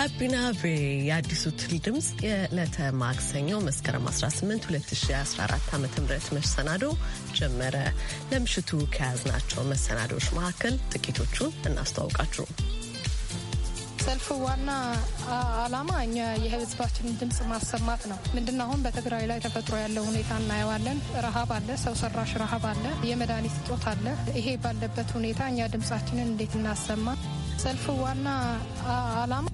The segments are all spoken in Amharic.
ጋቢና ቬ የአዲሱ ትል ድምፅ የዕለተ ማክሰኞ መስከረም 18 2014 ዓ ም መሰናዶ ጀመረ። ለምሽቱ ከያዝናቸው መሰናዶዎች መካከል ጥቂቶቹን እናስተዋውቃችሁ። ሰልፍ ዋና ዓላማ እኛ የህዝባችንን ድምፅ ማሰማት ነው። ምንድነው አሁን በትግራይ ላይ ተፈጥሮ ያለው ሁኔታ እናየዋለን። ረሃብ አለ፣ ሰው ሰራሽ ረሃብ አለ፣ የመድኃኒት እጦት አለ። ይሄ ባለበት ሁኔታ እኛ ድምፃችንን እንዴት እናሰማ? ሰልፍ ዋና ዓላማ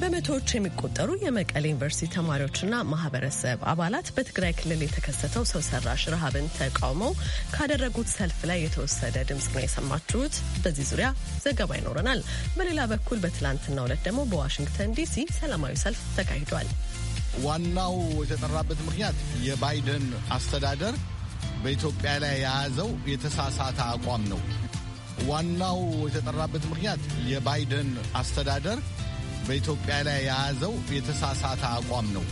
በመቶዎች የሚቆጠሩ የመቀሌ ዩኒቨርሲቲ ተማሪዎችና ማህበረሰብ አባላት በትግራይ ክልል የተከሰተው ሰው ሰራሽ ረሃብን ተቃውመው ካደረጉት ሰልፍ ላይ የተወሰደ ድምፅ ነው የሰማችሁት። በዚህ ዙሪያ ዘገባ ይኖረናል። በሌላ በኩል በትላንትናው ዕለት ደግሞ በዋሽንግተን ዲሲ ሰላማዊ ሰልፍ ተካሂዷል። ዋናው የተጠራበት ምክንያት የባይደን አስተዳደር በኢትዮጵያ ላይ የያዘው የተሳሳተ አቋም ነው። ዋናው የተጠራበት ምክንያት የባይደን አስተዳደር በኢትዮጵያ ላይ የያዘው የተሳሳተ አቋም ነው።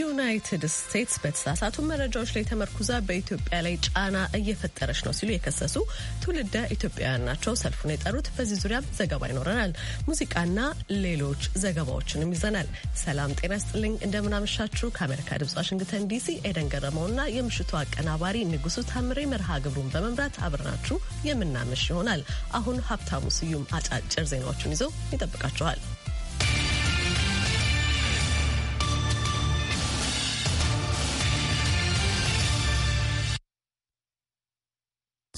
ዩናይትድ ስቴትስ በተሳሳቱ መረጃዎች ላይ ተመርኩዛ በኢትዮጵያ ላይ ጫና እየፈጠረች ነው ሲሉ የከሰሱ ትውልደ ኢትዮጵያውያን ናቸው ሰልፉን የጠሩት። በዚህ ዙሪያም ዘገባ ይኖረናል። ሙዚቃና ሌሎች ዘገባዎችንም ይዘናል። ሰላም ጤና ስጥልኝ፣ እንደምናመሻችሁ። ከአሜሪካ ድምጽ ዋሽንግተን ዲሲ ኤደን ገረመውና የምሽቱ አቀናባሪ ንጉሱ ታምሬ መርሃ ግብሩን በመምራት አብረናችሁ የምናመሽ ይሆናል። አሁን ሀብታሙ ስዩም አጫጭር ዜናዎችን ይዘው ይጠብቃችኋል።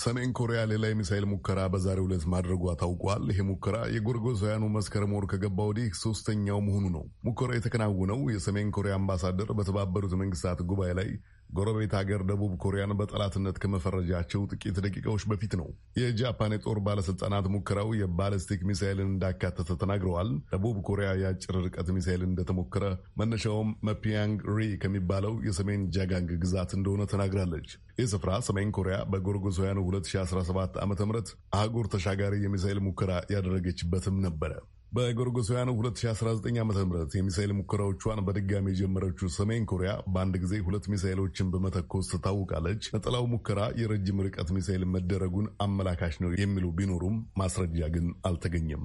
ሰሜን ኮሪያ ሌላ የሚሳኤል ሙከራ በዛሬው ዕለት ማድረጓ ታውቋል። ይህ ሙከራ የጎርጎሳውያኑ መስከረም ወር ከገባ ወዲህ ሶስተኛው መሆኑ ነው። ሙከራ የተከናወነው የሰሜን ኮሪያ አምባሳደር በተባበሩት መንግስታት ጉባኤ ላይ ጎረቤት ሀገር ደቡብ ኮሪያን በጠላትነት ከመፈረጃቸው ጥቂት ደቂቃዎች በፊት ነው። የጃፓን የጦር ባለስልጣናት ሙከራው የባለስቲክ ሚሳይልን እንዳካተተ ተናግረዋል። ደቡብ ኮሪያ የአጭር ርቀት ሚሳይል እንደተሞከረ መነሻውም መፒያንግ ሪ ከሚባለው የሰሜን ጃጋንግ ግዛት እንደሆነ ተናግራለች። ይህ ስፍራ ሰሜን ኮሪያ በጎርጎሳውያኑ 2017 ዓ ም አህጉር ተሻጋሪ የሚሳይል ሙከራ ያደረገችበትም ነበረ። በጎርጎሳውያኑ 2019 ዓ ም የሚሳይል ሙከራዎቿን በድጋሚ የጀመረችው ሰሜን ኮሪያ በአንድ ጊዜ ሁለት ሚሳይሎችን በመተኮስ ትታወቃለች። ነጠላው ሙከራ የረጅም ርቀት ሚሳይል መደረጉን አመላካች ነው የሚሉ ቢኖሩም ማስረጃ ግን አልተገኘም።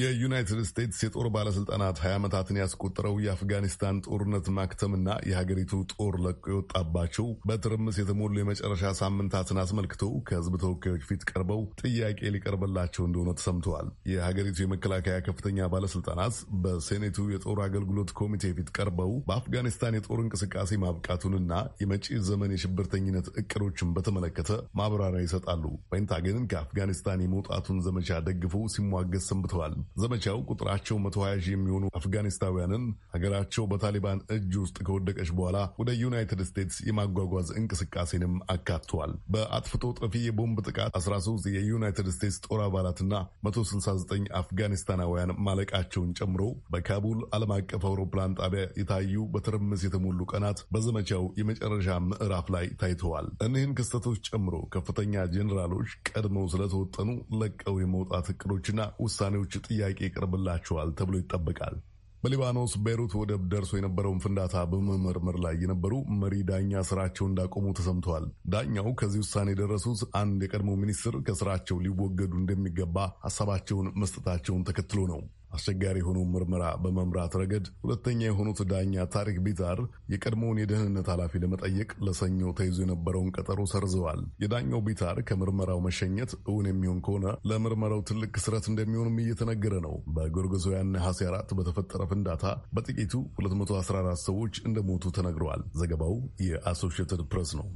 የዩናይትድ ስቴትስ የጦር ባለስልጣናት ሀያ ዓመታትን ያስቆጠረው የአፍጋኒስታን ጦርነት ማክተምና የሀገሪቱ ጦር ለቆ የወጣባቸው በትርምስ የተሞሉ የመጨረሻ ሳምንታትን አስመልክቶ ከህዝብ ተወካዮች ፊት ቀርበው ጥያቄ ሊቀርብላቸው እንደሆነ ተሰምተዋል። የሀገሪቱ የመከላከያ ከፍተኛ ባለስልጣናት በሴኔቱ የጦር አገልግሎት ኮሚቴ ፊት ቀርበው በአፍጋኒስታን የጦር እንቅስቃሴ ማብቃቱንና የመጪ ዘመን የሽብርተኝነት እቅዶችን በተመለከተ ማብራሪያ ይሰጣሉ። ፔንታገንን ከአፍጋኒስታን የመውጣቱን ዘመቻ ደግፈው ሲሟገዝ ሰንብተዋል። ዘመቻው ቁጥራቸው 120 ሺህ የሚሆኑ አፍጋኒስታውያንን ሀገራቸው በታሊባን እጅ ውስጥ ከወደቀች በኋላ ወደ ዩናይትድ ስቴትስ የማጓጓዝ እንቅስቃሴንም አካቷል። በአጥፍቶ ጠፊ የቦምብ ጥቃት 13 የዩናይትድ ስቴትስ ጦር አባላትና 169 አፍጋኒስታናውያን ማለቃቸውን ጨምሮ በካቡል ዓለም አቀፍ አውሮፕላን ጣቢያ የታዩ በትርምስ የተሞሉ ቀናት በዘመቻው የመጨረሻ ምዕራፍ ላይ ታይተዋል። እኒህን ክስተቶች ጨምሮ ከፍተኛ ጄኔራሎች ቀድመው ስለተወጠኑ ለቀው የመውጣት እቅዶችና ውሳኔዎች ጥያቄ ይቀርብላቸዋል ተብሎ ይጠበቃል። በሊባኖስ ቤይሩት ወደብ ደርሶ የነበረውን ፍንዳታ በመመርመር ላይ የነበሩ መሪ ዳኛ ስራቸውን እንዳቆሙ ተሰምተዋል። ዳኛው ከዚህ ውሳኔ የደረሱት አንድ የቀድሞ ሚኒስትር ከስራቸው ሊወገዱ እንደሚገባ ሀሳባቸውን መስጠታቸውን ተከትሎ ነው። አስቸጋሪ የሆኑ ምርመራ በመምራት ረገድ ሁለተኛ የሆኑት ዳኛ ታሪክ ቢታር የቀድሞውን የደህንነት ኃላፊ ለመጠየቅ ለሰኞ ተይዞ የነበረውን ቀጠሮ ሰርዘዋል። የዳኛው ቢታር ከምርመራው መሸኘት እውን የሚሆን ከሆነ ለምርመራው ትልቅ ክስረት እንደሚሆንም እየተነገረ ነው። በጎርጎሳውያን ነሐሴ አራት በተፈጠረ ፍንዳታ በጥቂቱ 214 ሰዎች እንደሞቱ ተነግረዋል። ዘገባው የአሶሽትድ ፕሬስ ነው።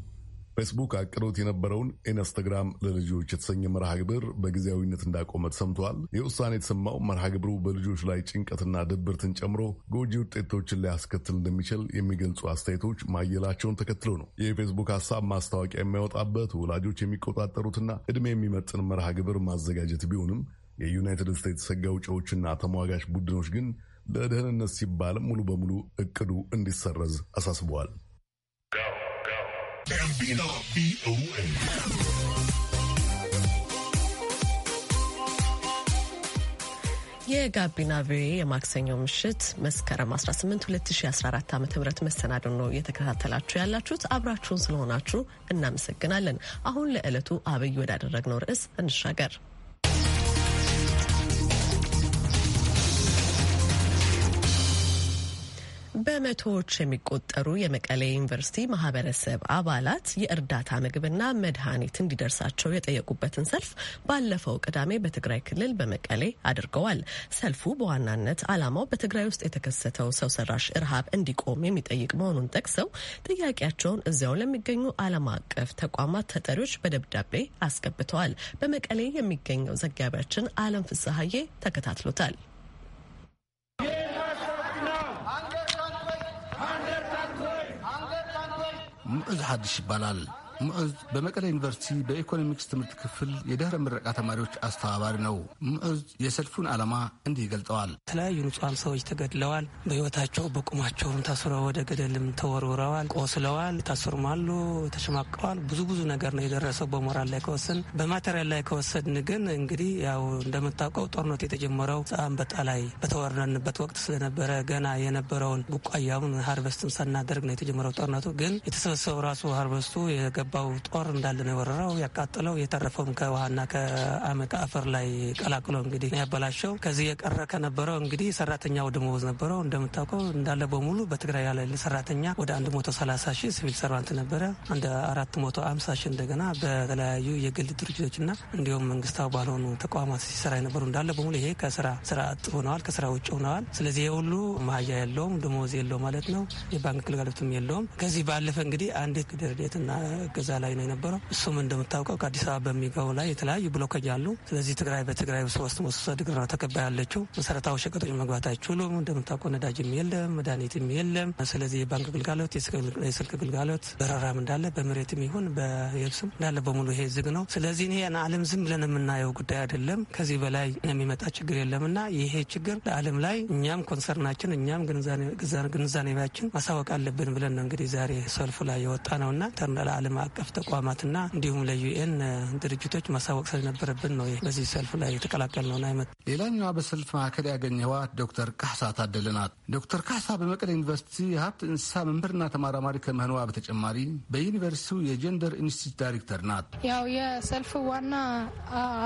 ፌስቡክ አቅዶት የነበረውን ኢንስታግራም ለልጆች የተሰኘ መርሃ ግብር በጊዜያዊነት እንዳቆመ ተሰምተዋል። ይህ ውሳኔ የተሰማው መርሃ ግብሩ በልጆች ላይ ጭንቀትና ድብርትን ጨምሮ ጎጂ ውጤቶችን ሊያስከትል እንደሚችል የሚገልጹ አስተያየቶች ማየላቸውን ተከትሎ ነው። የፌስቡክ ሀሳብ ማስታወቂያ የሚያወጣበት ወላጆች የሚቆጣጠሩትና እድሜ የሚመጥን መርሃ ግብር ማዘጋጀት ቢሆንም የዩናይትድ ስቴትስ ሕግ አውጪዎችና ተሟጋች ቡድኖች ግን ለደህንነት ሲባልም ሙሉ በሙሉ እቅዱ እንዲሰረዝ አሳስበዋል። የጋቢና ቪኦኤ የማክሰኞ ምሽት መስከረም 18 2014 ዓ ም መሰናዶ ነው እየተከታተላችሁ ያላችሁት። አብራችሁን ስለሆናችሁ እናመሰግናለን። አሁን ለዕለቱ አብይ ወዳደረግነው ርዕስ እንሻገር። በመቶዎች የሚቆጠሩ የመቀሌ ዩኒቨርሲቲ ማህበረሰብ አባላት የእርዳታ ምግብና መድኃኒት እንዲደርሳቸው የጠየቁበትን ሰልፍ ባለፈው ቅዳሜ በትግራይ ክልል በመቀሌ አድርገዋል። ሰልፉ በዋናነት ዓላማው በትግራይ ውስጥ የተከሰተው ሰው ሰራሽ እርሃብ እንዲቆም የሚጠይቅ መሆኑን ጠቅሰው ጥያቄያቸውን እዚያው ለሚገኙ ዓለም አቀፍ ተቋማት ተጠሪዎች በደብዳቤ አስገብተዋል። በመቀሌ የሚገኘው ዘጋቢያችን አለም ፍስሀዬ ተከታትሎታል። እዝሓድሽ ይባላል ሙዑዝ በመቀለ ዩኒቨርሲቲ በኢኮኖሚክስ ትምህርት ክፍል የድህረ ምረቃ ተማሪዎች አስተባባሪ ነው። ምዕዝ የሰልፉን ዓላማ እንዲህ ይገልጠዋል። የተለያዩ ንጹሐን ሰዎች ተገድለዋል። በህይወታቸው በቁማቸውም ታስረው ወደ ገደልም ተወርውረዋል፣ ቆስለዋል፣ ታስርማሉ ተሸማቀዋል። ብዙ ብዙ ነገር ነው የደረሰው በሞራል ላይ ከወሰን በማቴሪያል ላይ ከወሰድን ግን እንግዲህ ያው እንደምታውቀው ጦርነት የተጀመረው አንበጣ ላይ በተወረንበት ወቅት ስለነበረ ገና የነበረውን ቡቃያውን ሀርቨስትን ሳናደርግ ነው የተጀመረው ጦርነቱ ግን የተሰበሰበው ራሱ ሀርቨስቱ የገባው ጦር እንዳለ ነው የወረራው ያቃጥለው የተረፈውም ከውሃና ከአመቀ አፈር ላይ ቀላቅሎ እንግዲህ ያበላሸው። ከዚህ የቀረ ከነበረው እንግዲህ ሰራተኛው ደሞዝ ነበረው እንደምታውቀው እንዳለ በሙሉ በትግራይ ያለ ሰራተኛ ወደ 130 ሺህ ሲቪል ሰርቫንት ነበረ። አንድ 450 ሺህ እንደገና በተለያዩ የግል ድርጅቶችና እንዲሁም መንግስታዊ ባልሆኑ ተቋማት ሲሰራ የነበሩ እንዳለ በሙሉ ይሄ ከስራ ስራ አጥ ሆነዋል፣ ከስራ ውጭ ሆነዋል። ስለዚህ ይህ ሁሉ ማያ የለውም ደሞዝ የለው ማለት ነው። የባንክ ግልጋሎትም የለውም። ከዚህ ባለፈ እንግዲህ አንዲት ግድርዴትና እገዛ ላይ ነው የነበረው። እሱም እንደምታውቀው ከአዲስ አበባ በሚገቡ ላይ የተለያዩ ብሎከጅ አሉ። ስለዚህ ትግራይ በትግራይ ሶስት መሶሰድ ግር ተቀባይ ያለችው። መሰረታዊ ሸቀጦች መግባት አይችሉም። እንደምታውቀው ነዳጅም የለም፣ መድኃኒትም የለም። ስለዚህ የባንክ ግልጋሎት፣ የስልክ ግልጋሎት፣ በረራም እንዳለ በመሬትም ይሁን በየብስም እንዳለ በሙሉ ይሄ ዝግ ነው። ስለዚህ ይሄ አለም ዝም ብለን የምናየው ጉዳይ አይደለም። ከዚህ በላይ የሚመጣ ችግር እና ይሄ ችግር ለአለም ላይ እኛም ኮንሰርናችን እኛም ግንዛኔባችን ማሳወቅ አለብን ብለን ነው እንግዲህ ዛሬ ሰልፉ ላይ የወጣ እና ለአለም አቀፍ ተቋማትና እንዲሁም ለዩኤን ድርጅቶች ማሳወቅ ስለነበረብን ነው በዚህ ሰልፍ ላይ የተቀላቀል ነው ናይመት። ሌላኛዋ በሰልፍ ማዕከል ያገኘኋት ዶክተር ካሳ ታደለ ናት። ዶክተር ካሳ በመቀሌ ዩኒቨርሲቲ የሀብት እንስሳ መምህርና ተማራማሪ ከመሆኗ በተጨማሪ በዩኒቨርሲቲው የጀንደር ኢንስቲትዩት ዳይሬክተር ናት። ያው የሰልፍ ዋና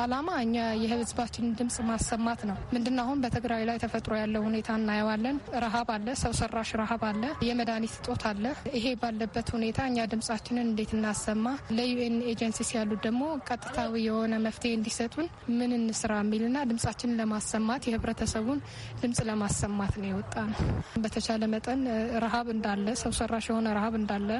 አላማ እኛ የህዝባችንን ድምጽ ማሰማት ነው። ምንድን አሁን በትግራይ ላይ ተፈጥሮ ያለው ሁኔታ እናየዋለን። ረሀብ አለ፣ ሰው ሰራሽ ረሀብ አለ፣ የመድኃኒት እጦት አለ። ይሄ ባለበት ሁኔታ እኛ ድምጻችንን እንዴት እና እናሰማ። ለዩኤን ኤጀንሲ ሲያሉት ደግሞ ቀጥታዊ የሆነ መፍትሄ እንዲሰጡን ምን እንስራ የሚልና ድምጻችንን ለማሰማት የህብረተሰቡን ድምጽ ለማሰማት ነው የወጣ ነው። በተቻለ መጠን ረሃብ እንዳለ ሰው ሰራሽ የሆነ ረሃብ እንዳለ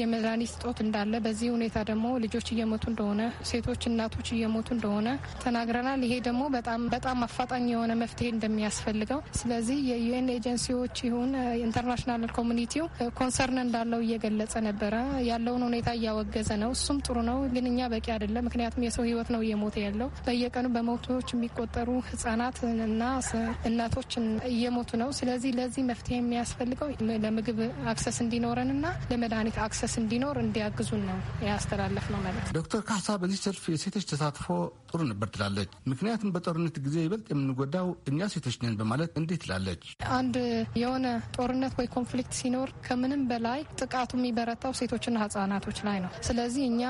የመድኃኒት እጦት እንዳለ በዚህ ሁኔታ ደግሞ ልጆች እየሞቱ እንደሆነ ሴቶች፣ እናቶች እየሞቱ እንደሆነ ተናግረናል። ይሄ ደግሞ በጣም በጣም አፋጣኝ የሆነ መፍትሄ እንደሚያስፈልገው ስለዚህ የዩኤን ኤጀንሲዎች ይሁን ኢንተርናሽናል ኮሚኒቲው ኮንሰርን እንዳለው እየገለጸ ነበረ ያለውን ሁኔታ እያወገዘ ነው። እሱም ጥሩ ነው፣ ግን እኛ በቂ አይደለም። ምክንያቱም የሰው ህይወት ነው እየሞተ ያለው። በየቀኑ በመቶዎች የሚቆጠሩ ህጻናት እና እናቶች እየሞቱ ነው። ስለዚህ ለዚህ መፍትሄ የሚያስፈልገው ለምግብ አክሰስ እንዲኖረን እና ለመድኃኒት አክሰስ እንዲኖር እንዲያግዙን ነው ያስተላለፍ ነው ማለት ዶክተር ካሳ በዚህ ሰልፍ የሴቶች ተሳትፎ ጥሩ ነበር ትላለች። ምክንያቱም በጦርነት ጊዜ ይበልጥ የምንጎዳው እኛ ሴቶች ነን በማለት እንዴት ትላለች። አንድ የሆነ ጦርነት ወይ ኮንፍሊክት ሲኖር ከምንም በላይ ጥቃቱ የሚበረታው ሴቶችና ህጻናቶች ላይ ነው። ስለዚህ እኛ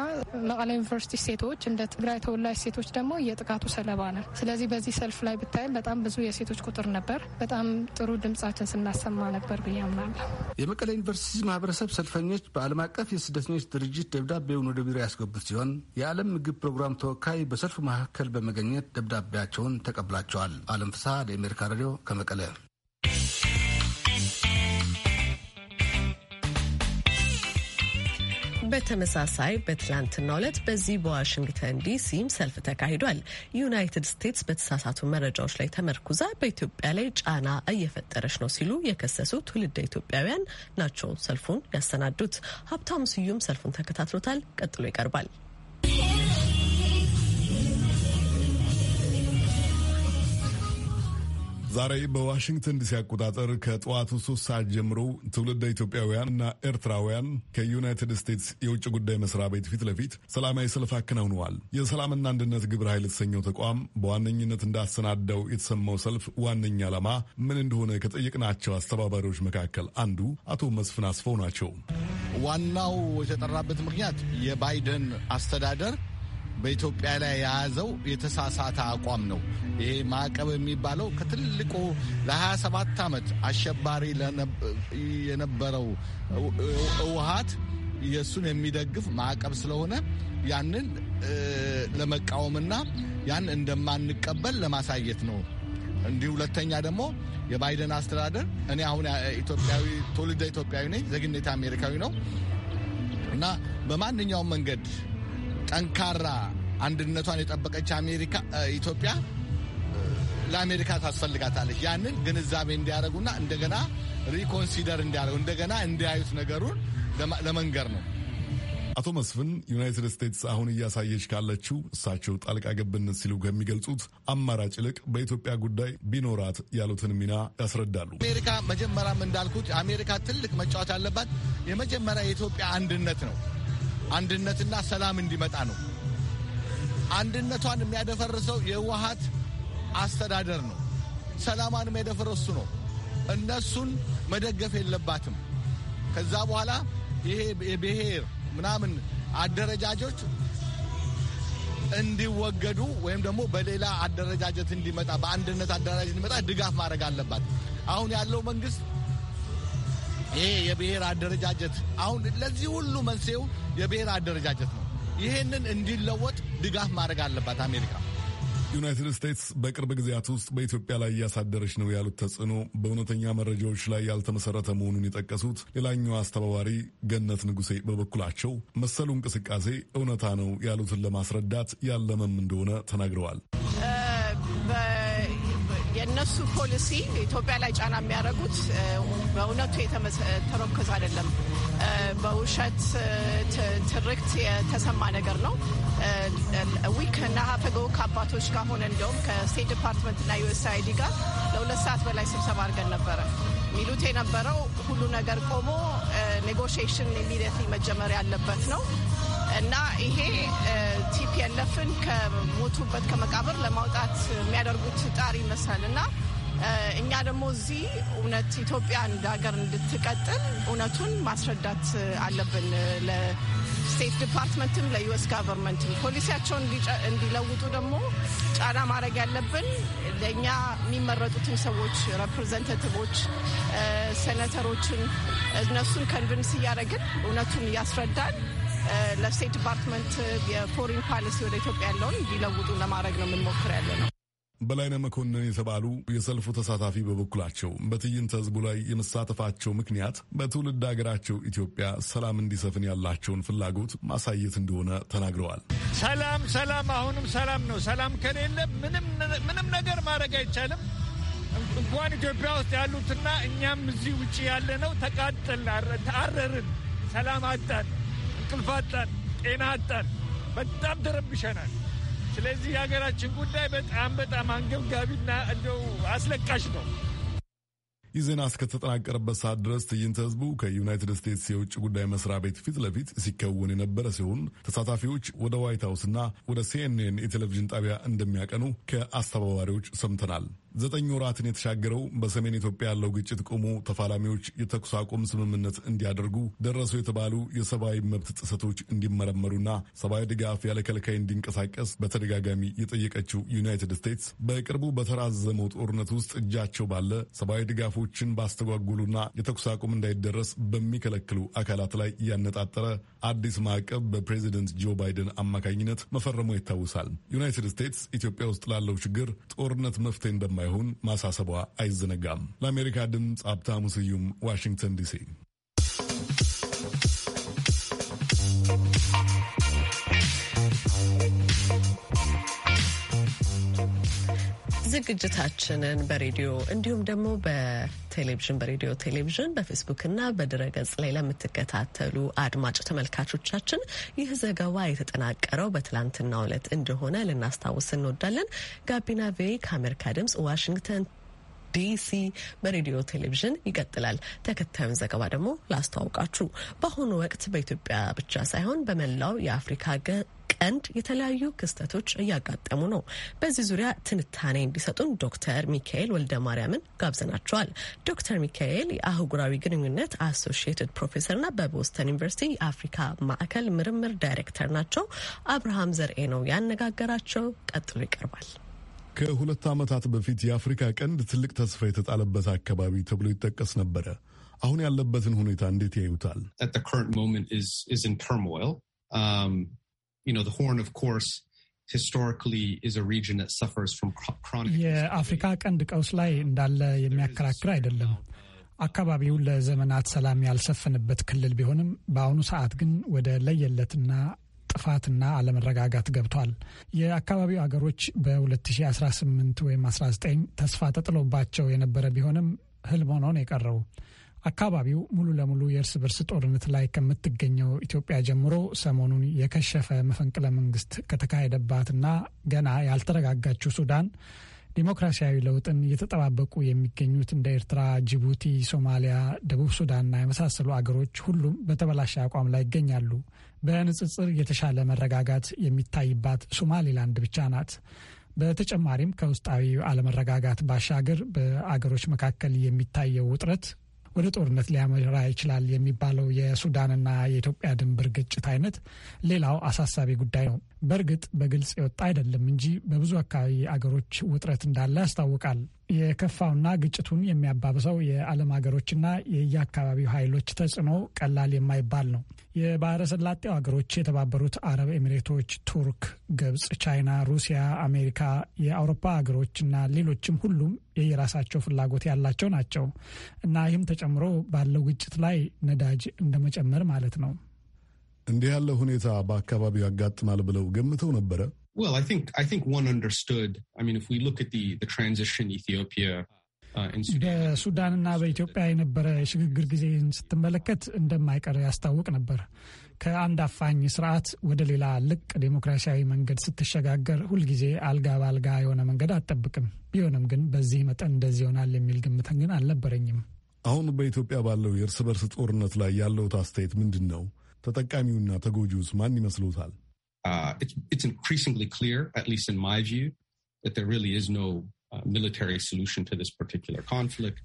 መቀለ ዩኒቨርሲቲ ሴቶች እንደ ትግራይ ተወላጅ ሴቶች ደግሞ የጥቃቱ ሰለባ ነን። ስለዚህ በዚህ ሰልፍ ላይ ብታይም በጣም ብዙ የሴቶች ቁጥር ነበር። በጣም ጥሩ ድምጻችን ስናሰማ ነበር ብዬ አምናለሁ። የመቀለ ዩኒቨርሲቲ ማህበረሰብ ሰልፈኞች በዓለም አቀፍ የስደተኞች ድርጅት ደብዳቤውን ወደ ቢሮ ያስገቡት ሲሆን የዓለም ምግብ ፕሮግራም ተወካይ በሰልፉ መካከል በመገኘት ደብዳቤያቸውን ተቀብላቸዋል። አለም ፍስሀ ለአሜሪካ ሬዲዮ ከመቀለ በተመሳሳይ በትላንትናው ዕለት በዚህ በዋሽንግተን ዲሲም ሰልፍ ተካሂዷል። ዩናይትድ ስቴትስ በተሳሳቱ መረጃዎች ላይ ተመርኩዛ በኢትዮጵያ ላይ ጫና እየፈጠረች ነው ሲሉ የከሰሱ ትውልደ ኢትዮጵያውያን ናቸው ሰልፉን ያሰናዱት። ሀብታሙ ስዩም ሰልፉን ተከታትሎታል። ቀጥሎ ይቀርባል። ዛሬ በዋሽንግተን ዲሲ አቆጣጠር ከጠዋቱ ሶስት ሰዓት ጀምሮ ትውልደ ኢትዮጵያውያን እና ኤርትራውያን ከዩናይትድ ስቴትስ የውጭ ጉዳይ መስሪያ ቤት ፊት ለፊት ሰላማዊ ሰልፍ አከናውነዋል። የሰላምና አንድነት ግብረ ኃይል የተሰኘው ተቋም በዋነኝነት እንዳሰናዳው የተሰማው ሰልፍ ዋነኛ ዓላማ ምን እንደሆነ ከጠየቅናቸው አስተባባሪዎች መካከል አንዱ አቶ መስፍን አስፈው ናቸው። ዋናው የተጠራበት ምክንያት የባይደን አስተዳደር በኢትዮጵያ ላይ የያዘው የተሳሳተ አቋም ነው። ይሄ ማዕቀብ የሚባለው ከትልቁ ለ27 ዓመት አሸባሪ የነበረው ህወሓት የእሱን የሚደግፍ ማዕቀብ ስለሆነ ያንን ለመቃወምና ያን እንደማንቀበል ለማሳየት ነው። እንዲህ ሁለተኛ ደግሞ የባይደን አስተዳደር እኔ አሁን ኢትዮጵያዊ ትውልደ ኢትዮጵያዊ ነኝ፣ ዜግነት አሜሪካዊ ነው እና በማንኛውም መንገድ ጠንካራ አንድነቷን የጠበቀች አሜሪካ ኢትዮጵያ ለአሜሪካ ታስፈልጋታለች። ያንን ግንዛቤ እንዲያደርጉና እንደገና ሪኮንሲደር እንዲያደርጉ እንደገና እንዲያዩት ነገሩን ለመንገር ነው። አቶ መስፍን ዩናይትድ ስቴትስ አሁን እያሳየች ካለችው እሳቸው ጣልቃ ገብነት ሲሉ ከሚገልጹት አማራጭ ይልቅ በኢትዮጵያ ጉዳይ ቢኖራት ያሉትን ሚና ያስረዳሉ። አሜሪካ መጀመሪያም እንዳልኩት አሜሪካ ትልቅ መጫወት ያለባት የመጀመሪያ የኢትዮጵያ አንድነት ነው። አንድነትና ሰላም እንዲመጣ ነው። አንድነቷን የሚያደፈርሰው የህወሀት አስተዳደር ነው። ሰላሟን የሚያደፈረሱ ነው። እነሱን መደገፍ የለባትም። ከዛ በኋላ ይሄ የብሔር ምናምን አደረጃጆች እንዲወገዱ ወይም ደግሞ በሌላ አደረጃጀት እንዲመጣ በአንድነት አደረጃጀት እንዲመጣ ድጋፍ ማድረግ አለባት። አሁን ያለው መንግስት ይሄ የብሔር አደረጃጀት አሁን ለዚህ ሁሉ መንስኤው የብሔር አደረጃጀት ነው። ይህንን እንዲለወጥ ድጋፍ ማድረግ አለባት አሜሪካ። ዩናይትድ ስቴትስ በቅርብ ጊዜያት ውስጥ በኢትዮጵያ ላይ እያሳደረች ነው ያሉት ተጽዕኖ በእውነተኛ መረጃዎች ላይ ያልተመሰረተ መሆኑን የጠቀሱት ሌላኛው አስተባባሪ ገነት ንጉሴ በበኩላቸው መሰሉ እንቅስቃሴ እውነታ ነው ያሉትን ለማስረዳት ያለመም እንደሆነ ተናግረዋል። የእነሱ ፖሊሲ ኢትዮጵያ ላይ ጫና የሚያደርጉት በእውነቱ የተመረኮዘ አይደለም። በውሸት ትርክት የተሰማ ነገር ነው። ዊክ እና ሀፈገው ከአባቶች ጋር ሆነ እንዲሁም ከስቴት ዲፓርትመንት እና ዩኤስአይዲ ጋር ለሁለት ሰዓት በላይ ስብሰባ አድርገን ነበረ። ሚሉት የነበረው ሁሉ ነገር ቆሞ ኔጎሽሽን ኢሚዲየትሊ መጀመር ያለበት ነው እና ይሄ ቲፒኤልኤፍን ከሞቱበት ከመቃብር ለማውጣት የሚያደርጉት ጣር ይመስላል እና እኛ ደግሞ እዚህ እውነት ኢትዮጵያ እንደ ሀገር እንድትቀጥል እውነቱን ማስረዳት አለብን። ለስቴት ዲፓርትመንትም ለዩኤስ ጋቨርንመንትም ፖሊሲያቸውን እንዲለውጡ ደግሞ ጫና ማድረግ ያለብን ለእኛ የሚመረጡትን ሰዎች ሬፕሬዘንታቲቮች፣ ሴኔተሮችን እነሱን ከንቪንስ እያደረግን እውነቱን እያስረዳን ለስቴት ዲፓርትመንት የፎሪን ፓሊሲ ወደ ኢትዮጵያ ያለውን እንዲለውጡ ለማድረግ ነው የምንሞክር ያለ ነው። በላይነ መኮንን የተባሉ የሰልፉ ተሳታፊ በበኩላቸው በትዕይንተ ህዝቡ ላይ የመሳተፋቸው ምክንያት በትውልድ ሀገራቸው ኢትዮጵያ ሰላም እንዲሰፍን ያላቸውን ፍላጎት ማሳየት እንደሆነ ተናግረዋል። ሰላም ሰላም፣ አሁንም ሰላም ነው። ሰላም ከሌለ ምንም ነገር ማድረግ አይቻልም። እንኳን ኢትዮጵያ ውስጥ ያሉትና እኛም እዚህ ውጭ ያለ ነው ተቃጠል፣ ተአረርን፣ ሰላም አጣን፣ እንቅልፍ አጣን፣ ጤና አጣን። በጣም ተረብሸናል። ስለዚህ የሀገራችን ጉዳይ በጣም በጣም አንገብጋቢና እንደው አስለቃሽ ነው። ይህ ዜና እስከተጠናቀረበት ሰዓት ድረስ ትዕይንተ ህዝቡ ከዩናይትድ ስቴትስ የውጭ ጉዳይ መስሪያ ቤት ፊት ለፊት ሲከወን የነበረ ሲሆን ተሳታፊዎች ወደ ዋይት ሀውስና ወደ ሲኤንኤን የቴሌቪዥን ጣቢያ እንደሚያቀኑ ከአስተባባሪዎች ሰምተናል። ዘጠኝ ወራትን የተሻገረው በሰሜን ኢትዮጵያ ያለው ግጭት ቆሞ ተፋላሚዎች የተኩስ አቁም ስምምነት እንዲያደርጉ ደረሱ የተባሉ የሰብአዊ መብት ጥሰቶች እንዲመረመሩና ሰብአዊ ድጋፍ ያለ ከልካይ እንዲንቀሳቀስ በተደጋጋሚ የጠየቀችው ዩናይትድ ስቴትስ በቅርቡ በተራዘመው ጦርነት ውስጥ እጃቸው ባለ ሰብአዊ ድጋፎችን ባስተጓጉሉና የተኩስ አቁም እንዳይደረስ በሚከለክሉ አካላት ላይ ያነጣጠረ አዲስ ማዕቀብ በፕሬዚደንት ጆ ባይደን አማካኝነት መፈረሙ ይታወሳል። ዩናይትድ ስቴትስ ኢትዮጵያ ውስጥ ላለው ችግር ጦርነት መፍትሄ እንደማ እንደማይሆን ማሳሰቧ አይዘነጋም። ለአሜሪካ ድምፅ ሀብታሙ ስዩም ዋሽንግተን ዲሲ ዝግጅታችንን በሬዲዮ እንዲሁም ደግሞ በቴሌቪዥን በሬዲዮ ቴሌቪዥን፣ በፌስቡክ እና በድረገጽ ላይ ለምትከታተሉ አድማጭ ተመልካቾቻችን ይህ ዘገባ የተጠናቀረው በትላንትናው ዕለት እንደሆነ ልናስታውስ እንወዳለን። ጋቢና ቬ ከአሜሪካ ድምጽ ዋሽንግተን ዲሲ በሬዲዮ ቴሌቪዥን ይቀጥላል። ተከታዩን ዘገባ ደግሞ ላስተዋውቃችሁ። በአሁኑ ወቅት በኢትዮጵያ ብቻ ሳይሆን በመላው የአፍሪካ ቀንድ የተለያዩ ክስተቶች እያጋጠሙ ነው። በዚህ ዙሪያ ትንታኔ እንዲሰጡን ዶክተር ሚካኤል ወልደ ማርያምን ጋብዘናቸዋል። ዶክተር ሚካኤል የአህጉራዊ ግንኙነት አሶሺየትድ ፕሮፌሰርና በቦስተን ዩኒቨርሲቲ የአፍሪካ ማዕከል ምርምር ዳይሬክተር ናቸው። አብርሃም ዘርኤ ነው ያነጋገራቸው። ቀጥሎ ይቀርባል። ከሁለት ዓመታት በፊት የአፍሪካ ቀንድ ትልቅ ተስፋ የተጣለበት አካባቢ ተብሎ ይጠቀስ ነበረ። አሁን ያለበትን ሁኔታ እንዴት ያዩታል? Um, የአፍሪካ ቀንድ ቀውስ ላይ እንዳለ የሚያከራክር አይደለም። አካባቢው ለዘመናት ሰላም ያልሰፈነበት ክልል ቢሆንም በአሁኑ ሰዓት ግን ወደ ለየለትና ጥፋትና አለመረጋጋት ገብቷል። የአካባቢው ሀገሮች በ2018 ወይም 19 ተስፋ ተጥሎባቸው የነበረ ቢሆንም ህልም ሆኖ ነው የቀረው። አካባቢው ሙሉ ለሙሉ የእርስ በርስ ጦርነት ላይ ከምትገኘው ኢትዮጵያ ጀምሮ ሰሞኑን የከሸፈ መፈንቅለ መንግስት ከተካሄደባትና ገና ያልተረጋጋችው ሱዳን ዲሞክራሲያዊ ለውጥን እየተጠባበቁ የሚገኙት እንደ ኤርትራ፣ ጅቡቲ፣ ሶማሊያ፣ ደቡብ ሱዳንና የመሳሰሉ አገሮች ሁሉም በተበላሸ አቋም ላይ ይገኛሉ። በንጽጽር የተሻለ መረጋጋት የሚታይባት ሶማሌላንድ ብቻ ናት። በተጨማሪም ከውስጣዊ አለመረጋጋት ባሻገር በአገሮች መካከል የሚታየው ውጥረት ወደ ጦርነት ሊያመራ ይችላል የሚባለው የሱዳንና የኢትዮጵያ ድንበር ግጭት አይነት ሌላው አሳሳቢ ጉዳይ ነው። በእርግጥ በግልጽ የወጣ አይደለም እንጂ በብዙ አካባቢ አገሮች ውጥረት እንዳለ ያስታውቃል። የከፋውና ግጭቱን የሚያባብሰው የዓለም ሀገሮችና የየአካባቢው ኃይሎች ተጽዕኖ ቀላል የማይባል ነው። የባህረ ሰላጤው ሀገሮች የተባበሩት አረብ ኤሚሬቶች፣ ቱርክ፣ ግብጽ፣ ቻይና፣ ሩሲያ፣ አሜሪካ፣ የአውሮፓ ሀገሮችና ሌሎችም ሁሉም የየራሳቸው ፍላጎት ያላቸው ናቸው እና ይህም ተጨምሮ ባለው ግጭት ላይ ነዳጅ እንደመጨመር ማለት ነው። እንዲህ ያለ ሁኔታ በአካባቢው ያጋጥማል ብለው ገምተው ነበረ? Well, I think I think one understood. I mean, if we look at the the transition Ethiopia በሱዳንና በኢትዮጵያ የነበረ የሽግግር ጊዜን ስትመለከት እንደማይቀር ያስታውቅ ነበር። ከአንድ አፋኝ ስርዓት ወደ ሌላ ልቅ ዴሞክራሲያዊ መንገድ ስትሸጋገር ሁልጊዜ አልጋ በአልጋ የሆነ መንገድ አትጠብቅም። ቢሆንም ግን በዚህ መጠን እንደዚህ ይሆናል የሚል ግምትን ግን አልነበረኝም። አሁን በኢትዮጵያ ባለው የእርስ በርስ ጦርነት ላይ ያለውት አስተያየት ምንድን ነው? ተጠቃሚውና ተጎጂውስ ማን ይመስሎታል? Uh, it's, it's increasingly clear, at least in my view, that there really is no uh, military solution to this particular conflict.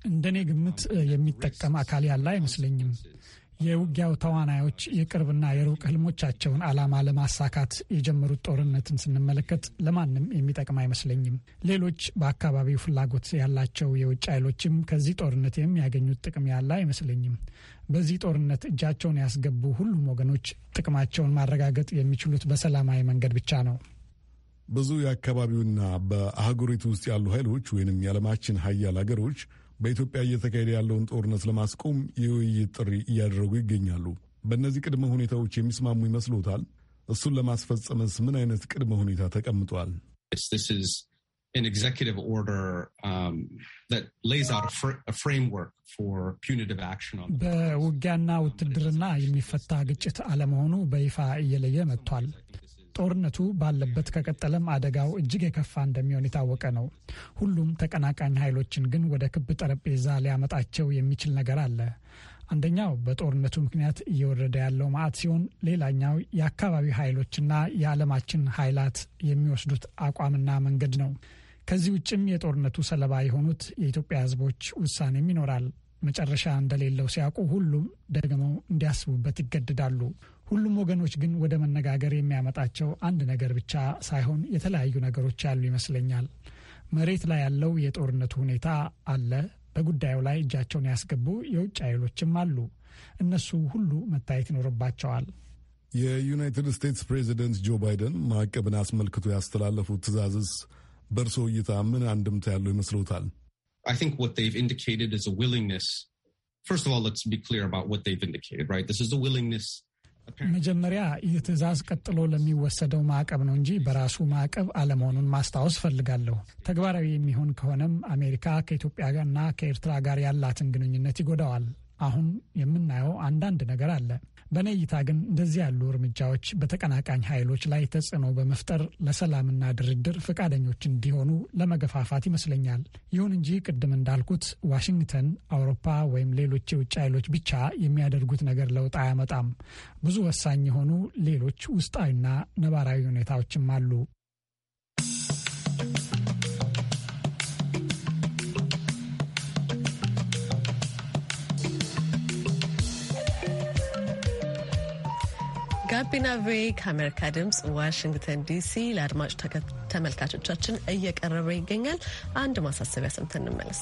የውጊያው ተዋናዮች የቅርብና የሩቅ ህልሞቻቸውን ዓላማ ለማሳካት የጀመሩት ጦርነትን ስንመለከት ለማንም የሚጠቅም አይመስለኝም። ሌሎች በአካባቢው ፍላጎት ያላቸው የውጭ ኃይሎችም ከዚህ ጦርነት የሚያገኙት ጥቅም ያለ አይመስለኝም። በዚህ ጦርነት እጃቸውን ያስገቡ ሁሉም ወገኖች ጥቅማቸውን ማረጋገጥ የሚችሉት በሰላማዊ መንገድ ብቻ ነው። ብዙ የአካባቢውና በአህጉሪቱ ውስጥ ያሉ ኃይሎች ወይንም የዓለማችን ሀያል አገሮች በኢትዮጵያ እየተካሄደ ያለውን ጦርነት ለማስቆም የውይይት ጥሪ እያደረጉ ይገኛሉ። በእነዚህ ቅድመ ሁኔታዎች የሚስማሙ ይመስሎታል? እሱን ለማስፈጸምስ ምን አይነት ቅድመ ሁኔታ ተቀምጧል? በውጊያና ውትድርና የሚፈታ ግጭት አለመሆኑ በይፋ እየለየ መጥቷል። ጦርነቱ ባለበት ከቀጠለም አደጋው እጅግ የከፋ እንደሚሆን የታወቀ ነው። ሁሉም ተቀናቃኝ ኃይሎችን ግን ወደ ክብ ጠረጴዛ ሊያመጣቸው የሚችል ነገር አለ። አንደኛው በጦርነቱ ምክንያት እየወረደ ያለው መዓት ሲሆን፣ ሌላኛው የአካባቢ ኃይሎችና የዓለማችን ኃይላት የሚወስዱት አቋምና መንገድ ነው። ከዚህ ውጭም የጦርነቱ ሰለባ የሆኑት የኢትዮጵያ ሕዝቦች ውሳኔም ይኖራል። መጨረሻ እንደሌለው ሲያውቁ ሁሉም ደግሞ እንዲያስቡበት ይገድዳሉ። ሁሉም ወገኖች ግን ወደ መነጋገር የሚያመጣቸው አንድ ነገር ብቻ ሳይሆን የተለያዩ ነገሮች ያሉ ይመስለኛል። መሬት ላይ ያለው የጦርነቱ ሁኔታ አለ። በጉዳዩ ላይ እጃቸውን ያስገቡ የውጭ ኃይሎችም አሉ። እነሱ ሁሉ መታየት ይኖርባቸዋል። የዩናይትድ ስቴትስ ፕሬዚደንት ጆ ባይደን ማዕቀብን አስመልክቶ ያስተላለፉት ትዕዛዝስ በእርሶ እይታ ምን አንድምታ ያለው ይመስሎታል? መጀመሪያ ይህ ትዕዛዝ ቀጥሎ ለሚወሰደው ማዕቀብ ነው እንጂ በራሱ ማዕቀብ አለመሆኑን ማስታወስ ፈልጋለሁ። ተግባራዊ የሚሆን ከሆነም አሜሪካ ከኢትዮጵያ ከኢትዮጵያና ከኤርትራ ጋር ያላትን ግንኙነት ይጎዳዋል። አሁን የምናየው አንዳንድ ነገር አለ። በእኔ እይታ ግን እንደዚህ ያሉ እርምጃዎች በተቀናቃኝ ኃይሎች ላይ ተጽዕኖ በመፍጠር ለሰላምና ድርድር ፈቃደኞች እንዲሆኑ ለመገፋፋት ይመስለኛል። ይሁን እንጂ ቅድም እንዳልኩት ዋሽንግተን፣ አውሮፓ ወይም ሌሎች የውጭ ኃይሎች ብቻ የሚያደርጉት ነገር ለውጥ አያመጣም። ብዙ ወሳኝ የሆኑ ሌሎች ውስጣዊና ነባራዊ ሁኔታዎችም አሉ። ጋቢና ቬ ከአሜሪካ ድምፅ ዋሽንግተን ዲሲ ለአድማጭ ተመልካቾቻችን እየቀረበ ይገኛል። አንድ ማሳሰቢያ ሰምተን እንመለስ።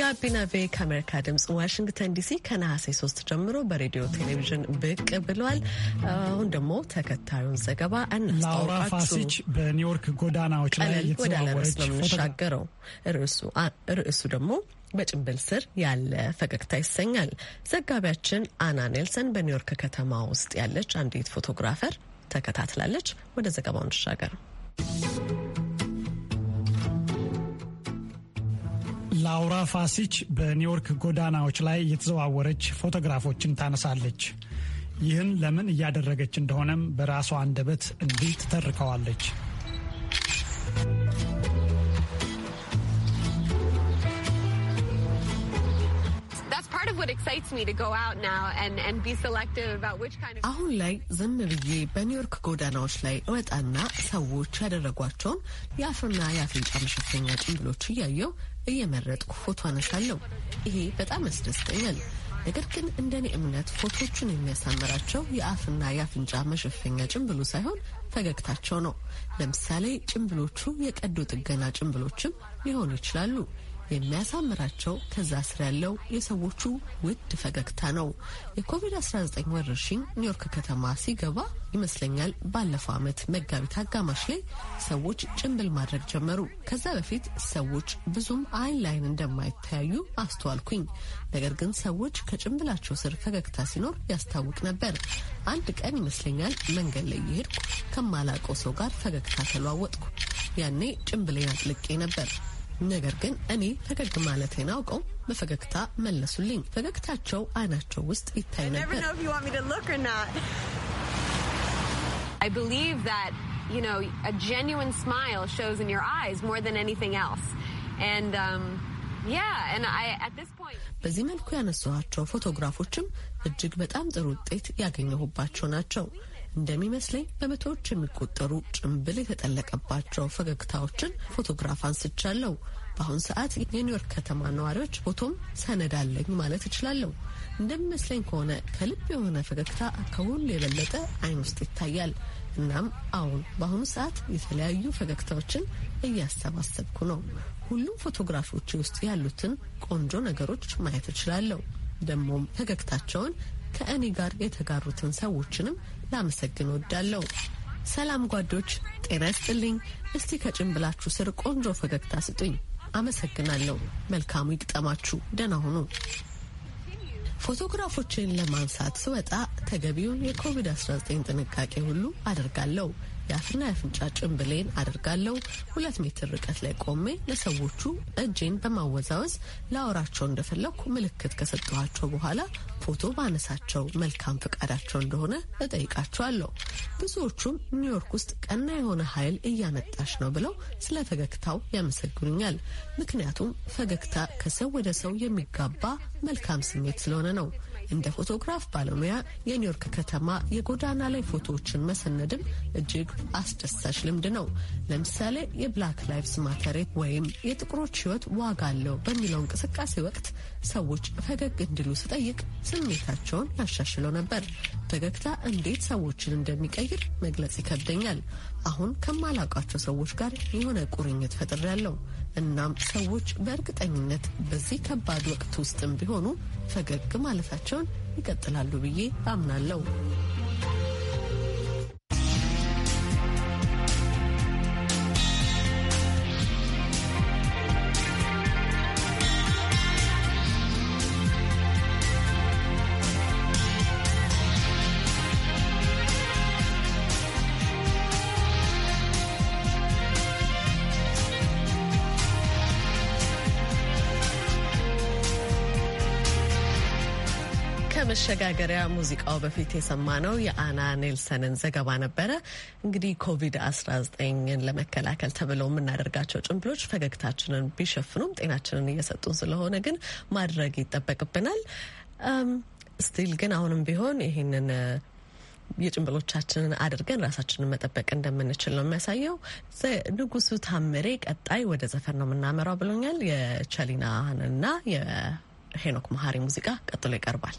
ጋቢና ቬ ከአሜሪካ ድምፅ ዋሽንግተን ዲሲ ከነሐሴ ሶስት ጀምሮ በሬዲዮ ቴሌቪዥን ብቅ ብሏል። አሁን ደግሞ ተከታዩን ዘገባ ላውራ ፋሲች በኒውዮርክ ጎዳናዎች ላይ እየተዘዋወረች ነው የምንሻገረው። ርዕሱ ደግሞ በጭንብል ስር ያለ ፈገግታ ይሰኛል። ዘጋቢያችን አና ኔልሰን በኒውዮርክ ከተማ ውስጥ ያለች አንዲት ፎቶግራፈር ተከታትላለች። ወደ ዘገባው እንሻገር። ላውራ ፋሲች በኒውዮርክ ጎዳናዎች ላይ እየተዘዋወረች ፎቶግራፎችን ታነሳለች። ይህን ለምን እያደረገች እንደሆነም በራሷ አንደበት እንዲህ ትተርከዋለች። አሁን ላይ ዝም ብዬ በኒውዮርክ ጎዳናዎች ላይ እወጣና ሰዎች ያደረጓቸውን የአፍና የአፍንጫ መሸፈኛ ጭንብሎች እያየው እየመረጥኩ ፎቶ አነሳለሁ። ይሄ በጣም ያስደስተኛል። ነገር ግን እንደኔ እምነት ፎቶቹን የሚያሳምራቸው የአፍና የአፍንጫ መሸፈኛ ጭንብሉ ሳይሆን ፈገግታቸው ነው። ለምሳሌ ጭንብሎቹ የቀዶ ጥገና ጭንብሎችም ሊሆኑ ይችላሉ። የሚያሳምራቸው ከዛ ስር ያለው የሰዎቹ ውድ ፈገግታ ነው። የኮቪድ-19 ወረርሽኝ ኒውዮርክ ከተማ ሲገባ ይመስለኛል ባለፈው ዓመት መጋቢት አጋማሽ ላይ ሰዎች ጭንብል ማድረግ ጀመሩ። ከዛ በፊት ሰዎች ብዙም አይን ላይን እንደማይተያዩ አስተዋልኩኝ። ነገር ግን ሰዎች ከጭንብላቸው ስር ፈገግታ ሲኖር ያስታውቅ ነበር። አንድ ቀን ይመስለኛል መንገድ ላይ እየሄድኩ ከማላውቀው ሰው ጋር ፈገግታ ተለዋወጥኩ። ያኔ ጭንብሌን አጥልቄ ነበር። ነገር ግን እኔ ፈገግ ማለቴን አውቀው በፈገግታ መለሱልኝ። ፈገግታቸው አይናቸው ውስጥ ይታይ ነበር። በዚህ መልኩ ያነሷቸው ፎቶግራፎችም እጅግ በጣም ጥሩ ውጤት ያገኘሁባቸው ናቸው። እንደሚመስለኝ በመቶዎች የሚቆጠሩ ጭምብል የተጠለቀባቸው ፈገግታዎችን ፎቶግራፍ አንስቻለሁ። በአሁን ሰዓት የኒውዮርክ ከተማ ነዋሪዎች ፎቶም ሰነድ አለኝ ማለት እችላለሁ። እንደሚመስለኝ ከሆነ ከልብ የሆነ ፈገግታ ከሁሉ የበለጠ አይን ውስጥ ይታያል። እናም አሁን በአሁኑ ሰዓት የተለያዩ ፈገግታዎችን እያሰባሰብኩ ነው። ሁሉም ፎቶግራፎች ውስጥ ያሉትን ቆንጆ ነገሮች ማየት እችላለሁ። ደግሞም ፈገግታቸውን ከእኔ ጋር የተጋሩትን ሰዎችንም ላመሰግን ወዳለው። ሰላም ጓዶች፣ ጤና ይስጥልኝ። እስቲ ከጭንብላችሁ ስር ቆንጆ ፈገግታ ስጡኝ። አመሰግናለሁ። መልካሙ ይግጠማችሁ። ደህና ሁኑ። ፎቶግራፎችን ለማንሳት ስወጣ ተገቢውን የኮቪድ-19 ጥንቃቄ ሁሉ አደርጋለሁ። የአፍና የአፍንጫ ጭንብሌን አድርጋለሁ። ሁለት ሜትር ርቀት ላይ ቆሜ ለሰዎቹ እጄን በማወዛወዝ ላወራቸው እንደፈለግኩ ምልክት ከሰጠኋቸው በኋላ ፎቶ ባነሳቸው መልካም ፈቃዳቸው እንደሆነ እጠይቃቸዋለሁ። ብዙዎቹም ኒውዮርክ ውስጥ ቀና የሆነ ኃይል እያመጣሽ ነው ብለው ስለ ፈገግታው ያመሰግኑኛል። ምክንያቱም ፈገግታ ከሰው ወደ ሰው የሚጋባ መልካም ስሜት ስለሆነ ነው። እንደ ፎቶግራፍ ባለሙያ የኒውዮርክ ከተማ የጎዳና ላይ ፎቶዎችን መሰነድም እጅግ አስደሳች ልምድ ነው። ለምሳሌ የብላክ ላይቭስ ማተሬ ወይም የጥቁሮች ህይወት ዋጋ አለው በሚለው እንቅስቃሴ ወቅት ሰዎች ፈገግ እንዲሉ ስጠይቅ ስሜታቸውን ያሻሽለው ነበር። ፈገግታ እንዴት ሰዎችን እንደሚቀይር መግለጽ ይከብደኛል። አሁን ከማላውቃቸው ሰዎች ጋር የሆነ ቁርኝት ፈጥሬያለሁ። እናም ሰዎች በእርግጠኝነት በዚህ ከባድ ወቅት ውስጥም ቢሆኑ ፈገግ ማለታቸውን ይቀጥላሉ ብዬ አምናለሁ። ከመሸጋገሪያ ሙዚቃው በፊት የሰማነው የአና ኔልሰንን ዘገባ ነበረ። እንግዲህ ኮቪድ-19ን ለመከላከል ተብለው የምናደርጋቸው ጭንብሎች ፈገግታችንን ቢሸፍኑም ጤናችንን እየሰጡን ስለሆነ ግን ማድረግ ይጠበቅብናል። ስቲል ግን አሁንም ቢሆን ይህንን የጭንብሎቻችንን አድርገን ራሳችንን መጠበቅ እንደምንችል ነው የሚያሳየው። ንጉሱ ታምሬ ቀጣይ ወደ ዘፈን ነው የምናመራው ብሎኛል። የቸሊናንና የሄኖክ መሀሪ ሙዚቃ ቀጥሎ ይቀርባል።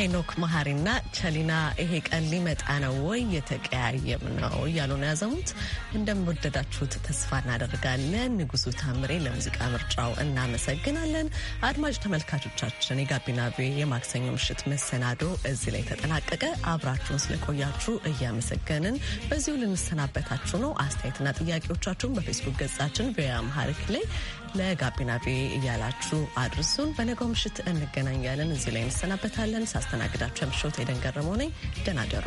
ሄኖክ መሀሪና ቸሊና ይሄ ቀን ሊመጣ ነው ወይ የተቀያየም ነው እያሉ ነው ያዘሙት። እንደምወደዳችሁት ተስፋ እናደርጋለን። ንጉሱ ታምሬ ለሙዚቃ ምርጫው እናመሰግናለን። አድማጭ ተመልካቾቻችን የጋቢና ቪ የማክሰኞ ምሽት መሰናዶ እዚህ ላይ ተጠናቀቀ። አብራችሁን ስለቆያችሁ እያመሰገንን በዚሁ ልንሰናበታችሁ ነው። አስተያየትና ጥያቄዎቻችሁን በፌስቡክ ገጻችን ቪ አምሃሪክ ላይ ለጋቢና ቪ እያላችሁ አድርሱን። በነገው ምሽት እንገናኛለን። እዚህ ላይ እንሰናበታለን። ሳስተናግዳቸው ምሽት ኤደን ገረመው ነኝ። ደህና ደሩ።